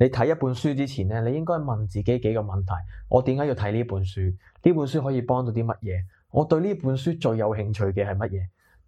你睇一本書之前呢，你應該問自己幾個問題：我點解要睇呢本書？呢本書可以幫到啲乜嘢？我對呢本書最有興趣嘅係乜嘢？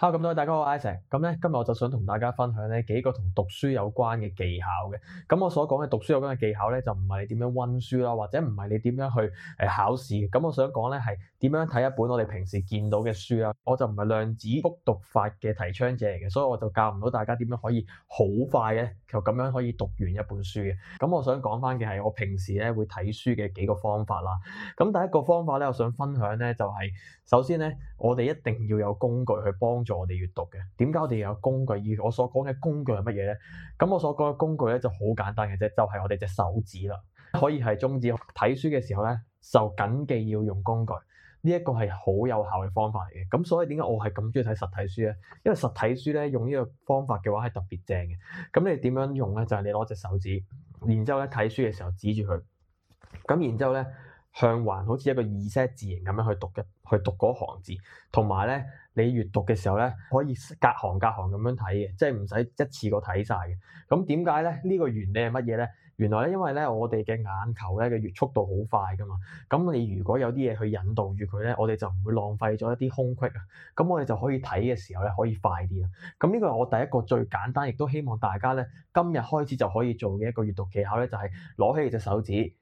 Hello，咁多位大家好，Iset，咁今日我就想同大家分享咧幾個同讀書有關嘅技巧嘅。咁我所講嘅讀書有關嘅技巧呢，就唔係點樣溫書啦，或者唔係你點樣去考試。咁我想講呢，係點樣睇一本我哋平時見到嘅書啊。我就唔係量子複讀法嘅提倡者嚟嘅，所以我就教唔到大家點樣可以好快嘅，就咁樣可以讀完一本書嘅。咁我想講翻嘅係我平時咧會睇書嘅幾個方法啦。咁第一個方法呢，我想分享呢，就係首先呢，我哋一定要有工具去幫助。助我哋閱讀嘅。點解我哋有工具？而我所講嘅工具係乜嘢咧？咁我所講嘅工具咧就好簡單嘅啫，就係我哋隻手指啦。可以係中指睇書嘅時候咧，就緊記要用工具。呢一個係好有效嘅方法嚟嘅。咁所以點解我係咁中意睇實體書咧？因為實體書咧用呢個方法嘅話係特別正嘅。咁你點樣用咧？就係你攞隻手指，然之後咧睇書嘅時候指住佢，咁然之後咧向環，好似一個 S 字形咁樣去讀嘅，去讀嗰行字，同埋咧。你閲讀嘅時候呢，可以隔行隔行咁樣睇嘅，即係唔使一次過睇晒嘅。咁點解呢？呢、這個原理係乜嘢呢？原來呢，因為呢我哋嘅眼球呢嘅閲讀速度好快㗎嘛。咁你如果有啲嘢去引導住佢呢，我哋就唔會浪費咗一啲空隙啊。咁我哋就可以睇嘅時候呢，可以快啲啊。咁呢個係我第一個最簡單，亦都希望大家呢今日開始就可以做嘅一個閲讀技巧呢，就係攞起隻手指，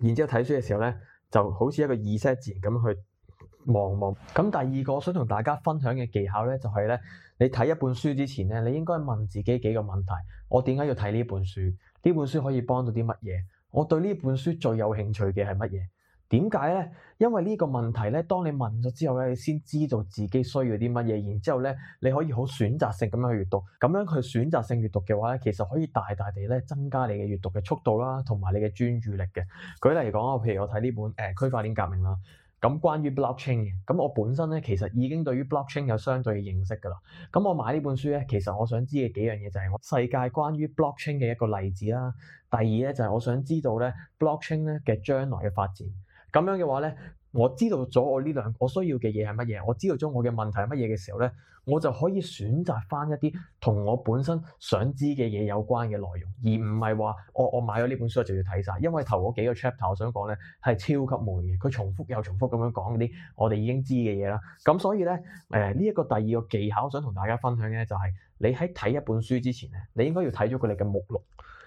然之後睇書嘅時候呢，就好似一個意識自然咁去。望望咁，第二個想同大家分享嘅技巧呢，就係呢。你睇一本書之前呢，你應該問自己幾個問題：我點解要睇呢本書？呢本書可以幫到啲乜嘢？我對呢本書最有興趣嘅係乜嘢？點解呢？因為呢個問題呢，當你問咗之後呢，你先知道自己需要啲乜嘢，然之後咧，你可以好選擇性咁樣去閲讀。咁樣去選擇性閲讀嘅話呢，其實可以大大地咧增加你嘅閲讀嘅速度啦，同埋你嘅專注力嘅。舉例嚟講啊，譬如我睇呢本誒、呃《區塊鏈革，革命》啦。咁關於 blockchain 嘅，咁我本身呢，其實已經對於 blockchain 有相對嘅認識㗎啦。咁我買呢本書呢，其實我想知嘅幾樣嘢就係、是、我世界關於 blockchain 嘅一個例子啦。第二呢，就係我想知道呢 blockchain 咧嘅將來嘅發展。咁樣嘅話呢。我知道咗我呢兩個需要嘅嘢係乜嘢，我知道咗我嘅問題係乜嘢嘅時候咧，我就可以選擇翻一啲同我本身想知嘅嘢有關嘅內容，而唔係話我我買咗呢本書就要睇晒。因為頭嗰幾個 chapter 我想講咧係超級悶嘅，佢重複又重複咁樣講嗰啲我哋已經知嘅嘢啦。咁所以咧，誒呢一個第二個技巧想同大家分享嘅，就係你喺睇一本書之前咧，你應該要睇咗佢哋嘅目錄，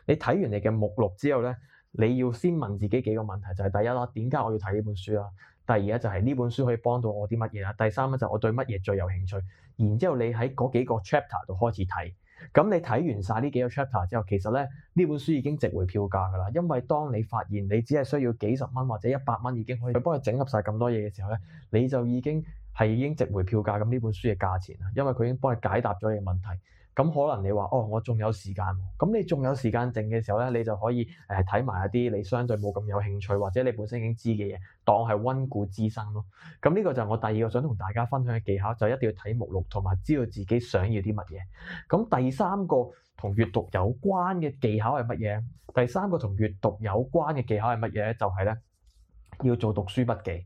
你睇完你嘅目錄之後咧。你要先問自己幾個問題，就係、是、第一啦，點解我要睇呢本書啦？第二咧就係、是、呢本書可以幫到我啲乜嘢啦？第三咧就是、我對乜嘢最有興趣？然之後你喺嗰幾個 chapter 度開始睇，咁你睇完曬呢幾個 chapter 之後，其實咧呢這本書已經值回票價㗎啦。因為當你發現你只係需要幾十蚊或者一百蚊已經可以幫你整合曬咁多嘢嘅時候咧，你就已經係已經值回票價咁呢本書嘅價錢啦。因為佢已經幫你解答咗你嘅問題。咁可能你話哦，我仲有時間，咁你仲有時間剩嘅時候咧，你就可以誒睇埋一啲你相對冇咁有，有興趣或者你本身已經知嘅嘢，當係温故知新咯。咁呢個就係我第二個想同大家分享嘅技巧，就一定要睇目錄同埋知道自己想要啲乜嘢。咁第三個同閱讀有關嘅技巧係乜嘢？第三個同閱讀有關嘅技巧係乜嘢？就係、是、咧要做讀書筆記。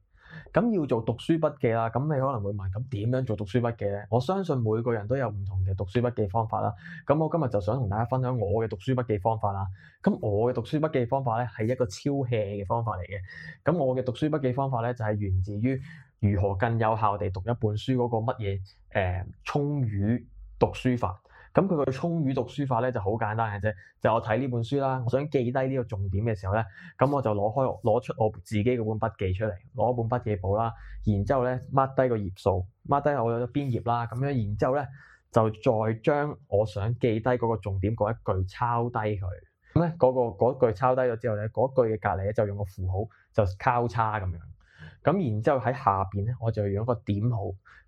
咁要做讀書筆記啦，咁你可能會問，咁點樣做讀書筆記呢？我相信每個人都有唔同嘅讀書筆記方法啦。咁我今日就想同大家分享我嘅讀書筆記方法啦。咁我嘅讀書筆記方法咧係一個超 hea 嘅方法嚟嘅。咁我嘅讀書筆記方法咧就係源自於如何更有效地讀一本書嗰個乜嘢誒，蔥鮪讀書法。咁佢個充語讀書法咧就好簡單嘅啫，就是、我睇呢本書啦，我想記低呢個重點嘅時候呢，咁我就攞開攞出我自己嗰本筆記出嚟，攞一本筆記簿啦，然之後咧 mark 低個頁數，mark 低我邊頁啦，咁樣，然之後咧就再將我想記低嗰個重點嗰一句抄低佢咁咧，嗰個嗰句抄低咗之後呢，嗰句嘅隔離咧就用個符號就交叉咁樣。咁然之後喺下面咧，我就用一個點號。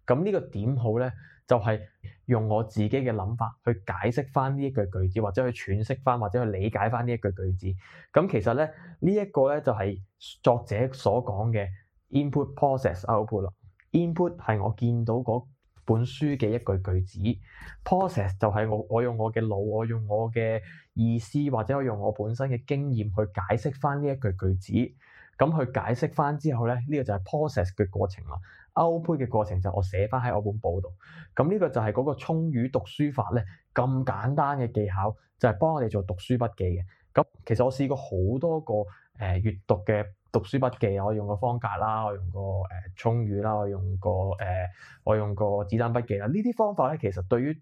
咁呢個點號咧，就係用我自己嘅諗法去解釋翻呢一句句子，或者去詮釋翻，或者去理解翻呢一句句子。咁其實咧，呢一個呢，就係作者所講嘅 input process output。input 係我見到嗰本書嘅一句句子，process 就係我我用我嘅腦，我用我嘅意思，或者我用我本身嘅經驗去解釋翻呢一句句子。咁去解釋翻之後咧，呢、這個就係 process 嘅過程啦。勾配嘅過程就我寫翻喺我本簿度。咁、這、呢個就係嗰個衝雨讀書法咧，咁簡單嘅技巧就係幫我哋做讀書筆記嘅。咁其實我試過好多個誒閱、呃、讀嘅讀書筆記，我用過方格啦，我用過誒衝雨啦，我用過誒、呃、我用過子彈筆記啦。呢啲方法咧，其實對於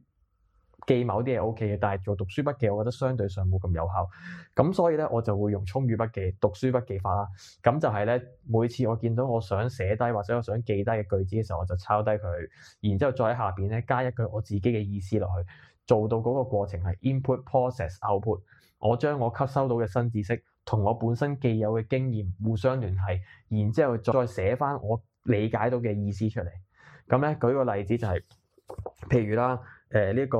記某啲嘢 OK 嘅，但係做讀書筆記，我覺得相對上冇咁有，有效，咁所以咧，我就會用蔥鮪筆記、讀書筆記法啦。咁就係咧，每次我見到我想寫低或者我想記低嘅句子嘅時候，我就抄低佢，然之後再喺下邊咧加一句我自己嘅意思落去，做到嗰個過程係 input、process、output。我將我吸收到嘅新知識同我本身既有嘅經驗互相聯繫，然之後再寫翻我理解到嘅意思出嚟。咁咧，舉個例子就係、是、譬如啦。誒呢、呃這個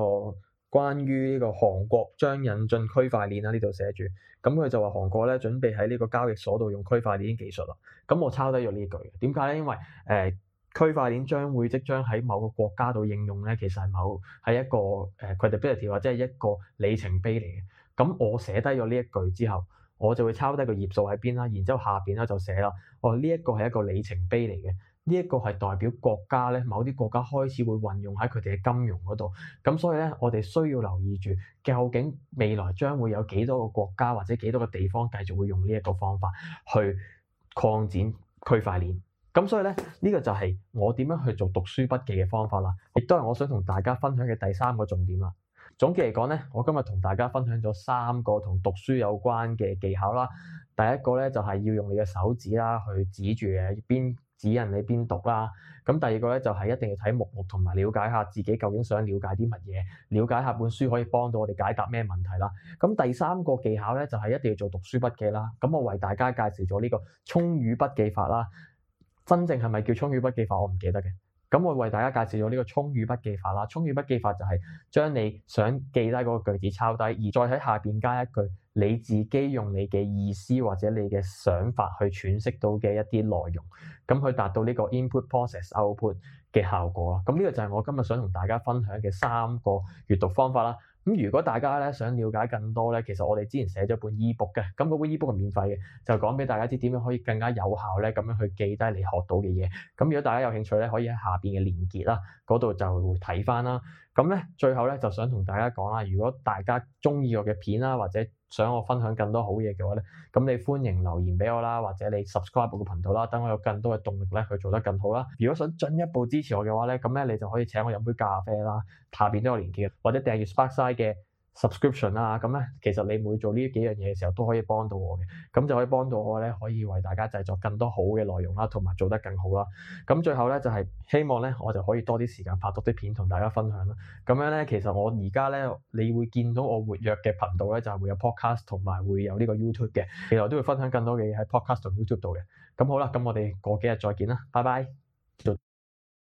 關於呢個韓國將引進區塊鏈啊，呢度寫住，咁佢就話韓國咧準備喺呢個交易所度用區塊鏈技術啦。咁我抄低咗呢句，點解咧？因為誒區塊鏈將會即將喺某個國家度應用咧，其實係某係一個誒 credibility 或者係一個里程碑嚟嘅。咁我寫低咗呢一句之後，我就會抄低個頁數喺邊啦，然之後下邊咧就寫啦，哦呢一個係一個里程碑嚟嘅。呢一個係代表國家咧，某啲國家開始會運用喺佢哋嘅金融嗰度，咁所以咧，我哋需要留意住究竟未來將會有幾多個國家或者幾多個地方繼續會用呢一個方法去擴展區塊鏈。咁所以咧，呢個就係我點樣去做讀書筆記嘅方法啦，亦都係我想同大家分享嘅第三個重點啦。總結嚟講咧，我今日同大家分享咗三個同讀書有關嘅技巧啦。第一個咧就係要用你嘅手指啦去指住嘅邊。指引你邊讀啦，咁第二個咧就係一定要睇目錄同埋了解下自己究竟想了解啲乜嘢，了解下本書可以幫到我哋解答咩問題啦。咁第三個技巧咧就係一定要做讀書筆記啦。咁我為大家介紹咗呢個衝雨筆記法啦，真正係咪叫衝雨筆記法，我唔記得嘅。咁我為大家介紹咗呢個蔥鮪筆記法啦。蔥鮪筆記法就係將你想記低嗰個句子抄低，而再喺下面加一句你自己用你嘅意思或者你嘅想法去詮釋到嘅一啲內容，咁去達到呢個 input、process、output 嘅效果咯。咁呢個就係我今日想同大家分享嘅三個閱讀方法啦。如果大家想了解更多，其實我哋之前寫咗本 ebook 嘅，咁嗰本 ebook 係免費嘅，就講俾大家知點樣可以更加有效咧咁樣去記低你學到嘅嘢。咁如果大家有興趣咧，可以喺下面嘅連結啦，嗰度就睇返啦。咁咧，最後咧就想同大家講啦，如果大家鍾意我嘅片啦，或者想我分享更多好嘢嘅話呢，咁你歡迎留言俾我啦，或者你 subscribe 我個頻道啦，等我有更多嘅動力咧去做得更好啦。如果想進一步支持我嘅話呢，咁咧你就可以請我飲杯咖啡啦，下邊都有連結，或者訂閱 Sparkside 嘅 subscription 啦，咁咧，其實你每做呢幾樣嘢嘅時候都可以幫到我嘅，咁就可以幫到我咧，可以為大家製作更多好嘅內容啦，同埋做得更好啦。咁最後咧就係希望咧，我就可以多啲時間拍多啲片同大家分享啦。咁樣咧，其實我而家咧，你會見到我活躍嘅頻道咧，就係會有 podcast 同埋會有呢個 YouTube 嘅，未來都會分享更多嘅嘢喺 podcast 同 YouTube 度嘅。咁好啦，咁我哋過幾日再見啦，拜拜。